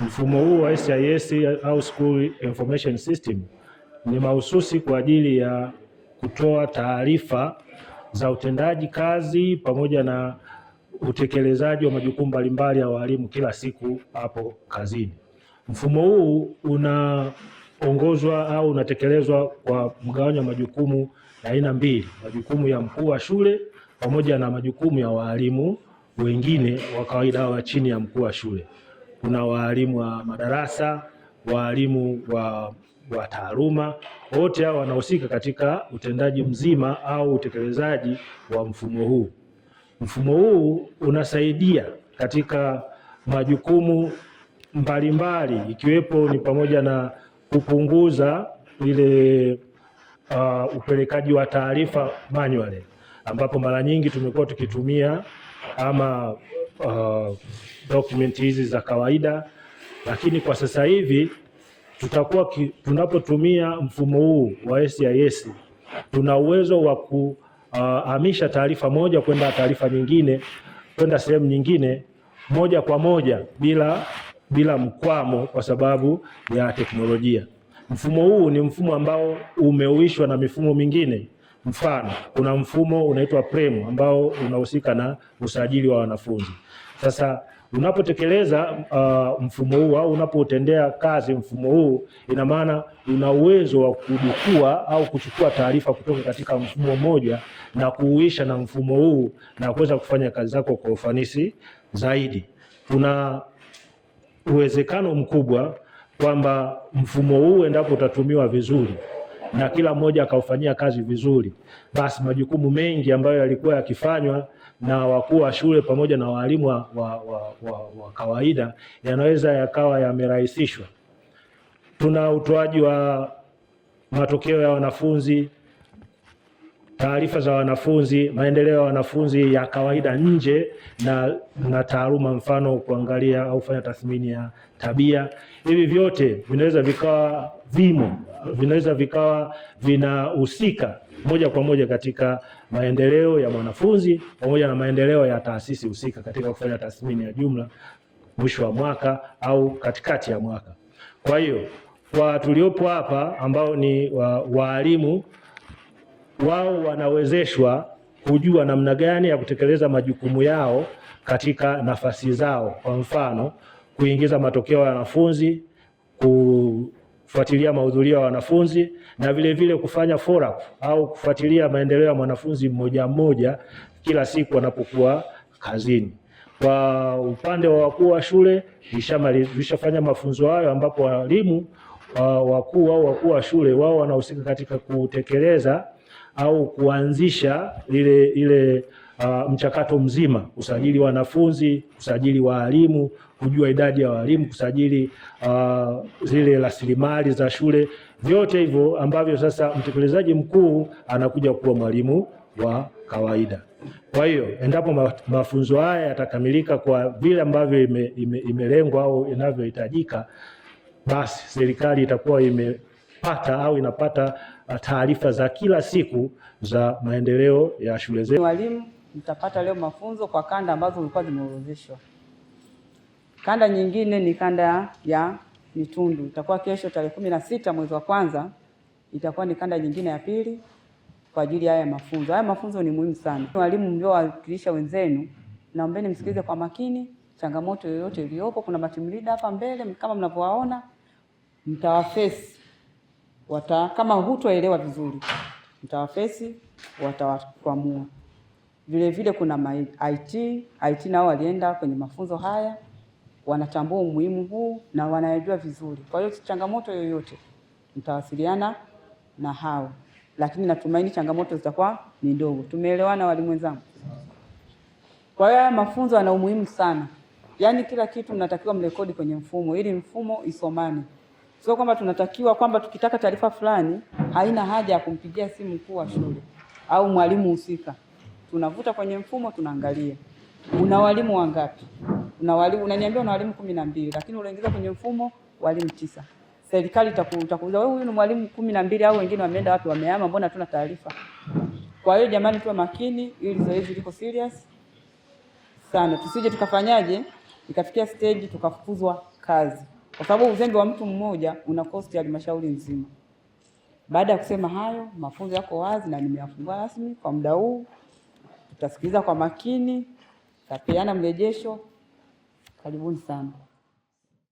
Mfumo huu wa SIS au School Information System ni mahususi kwa ajili ya kutoa taarifa za utendaji kazi pamoja na utekelezaji wa majukumu mbalimbali ya walimu kila siku hapo kazini. Mfumo huu unaongozwa au unatekelezwa kwa mgawanyo wa majukumu ya aina mbili, majukumu ya mkuu wa shule pamoja na majukumu ya walimu wengine wa kawaida wa chini ya mkuu wa shule kuna waalimu wa madarasa, waalimu wa wa taaluma, wote hao wanahusika katika utendaji mzima au utekelezaji wa mfumo huu. Mfumo huu unasaidia katika majukumu mbalimbali ikiwepo ni pamoja na kupunguza ile uh, upelekaji wa taarifa manually ambapo mara nyingi tumekuwa tukitumia ama dokumenti uh, document hizi za kawaida, lakini kwa sasa hivi tutakuwa tunapotumia mfumo huu wa SIS tuna uwezo wa kuhamisha uh, taarifa moja kwenda taarifa nyingine kwenda sehemu nyingine moja kwa moja bila, bila mkwamo kwa sababu ya teknolojia. Mfumo huu ni mfumo ambao umeuishwa na mifumo mingine Mfano, kuna mfumo unaitwa PREMU ambao unahusika na usajili wa wanafunzi. Sasa unapotekeleza uh, mfumo huu au unapotendea kazi mfumo huu, ina maana una uwezo wa kudukua au kuchukua taarifa kutoka katika mfumo mmoja na kuuisha na mfumo huu na kuweza kufanya kazi zako kwa ufanisi zaidi. Kuna uwezekano mkubwa kwamba mfumo huu endapo utatumiwa vizuri na kila mmoja akaufanyia kazi vizuri, basi majukumu mengi ambayo yalikuwa yakifanywa na wakuu wa shule pamoja na waalimu wa, wa, wa, wa kawaida yanaweza yakawa yamerahisishwa. Tuna utoaji wa matokeo ya wanafunzi taarifa za wanafunzi, maendeleo ya wanafunzi ya kawaida nje na, na taaluma, mfano kuangalia au kufanya tathmini ya tabia. Hivi vyote vinaweza vikawa vimo, vinaweza vikawa vinahusika moja kwa moja katika maendeleo ya mwanafunzi pamoja na maendeleo ya taasisi husika katika kufanya tathmini ya jumla mwisho wa mwaka au katikati ya mwaka. Kwa hiyo kwa tuliopo hapa ambao ni waalimu wa wao wanawezeshwa kujua namna gani ya kutekeleza majukumu yao katika nafasi zao. Kwa mfano, kuingiza matokeo ya wanafunzi, kufuatilia mahudhurio ya wanafunzi na vile vile kufanya follow up au kufuatilia maendeleo ya mwanafunzi mmoja mmoja kila siku wanapokuwa kazini. Kwa upande wa wakuu wa shule tulishafanya mafunzo hayo, ambapo walimu wakuu au wakuu wa shule wao wanahusika katika kutekeleza au kuanzisha ile ile uh, mchakato mzima, usajili wanafunzi, usajili waalimu, kujua idadi ya waalimu, kusajili uh, zile rasilimali za shule, vyote hivyo ambavyo sasa mtekelezaji mkuu anakuja kuwa mwalimu wa kawaida. Kwa hiyo endapo mafunzo haya yatakamilika kwa vile ambavyo imelengwa ime, ime au inavyohitajika, basi serikali itakuwa imepata au inapata taarifa za kila siku za maendeleo ya shule zetu. Walimu mtapata leo mafunzo kwa kanda ambazo zilikuwa zimeorodheshwa. Kanda nyingine ni kanda ya Mitundu, itakuwa kesho tarehe kumi na sita mwezi wa kwanza, itakuwa ni kanda nyingine ya pili kwa ajili ya haya mafunzo. Haya mafunzo ni muhimu sana. Walimu mliowakilisha wenzenu, naombeni msikilize kwa makini changamoto yoyote iliyopo. Kuna matimlida hapa mbele kama mnavyowaona, mtawafesi wata, kama hutoelewa vizuri mtawafesi watawakwamua. Vile vile kuna IT, IT nao walienda kwenye mafunzo haya, wanatambua umuhimu huu na wanayajua vizuri. Kwa hiyo changamoto yoyote mtawasiliana na hao, lakini natumaini changamoto zitakuwa ni ndogo. Tumeelewana walimu wenzangu? Kwa hiyo haya mafunzo yana umuhimu sana, yaani kila kitu mnatakiwa mrekodi kwenye mfumo ili mfumo isomane. Sio kwamba tunatakiwa kwamba tukitaka taarifa fulani haina haja ya kumpigia simu mkuu wa shule au mwalimu husika. Tunavuta kwenye mfumo, tunaangalia una walimu wangapi, una walimu unaniambia una walimu kumi na mbili, lakini unaingiza kwenye mfumo walimu tisa. Serikali itakuuliza wewe, huyu ni mwalimu kumi na mbili au wengine wameenda wapi, wamehama, mbona hatuna taarifa? Kwa hiyo jamani, tuwe makini, ili zoezi liko serious sana, tusije tukafanyaje, ikafikia stage tukafukuzwa kazi kwa sababu uzembe wa mtu mmoja una kosti halmashauri nzima. Baada ya kusema hayo, mafunzo yako wazi na nimeyafungua rasmi kwa muda huu. Tutasikiliza kwa makini, tutapeana mrejesho. Karibuni sana.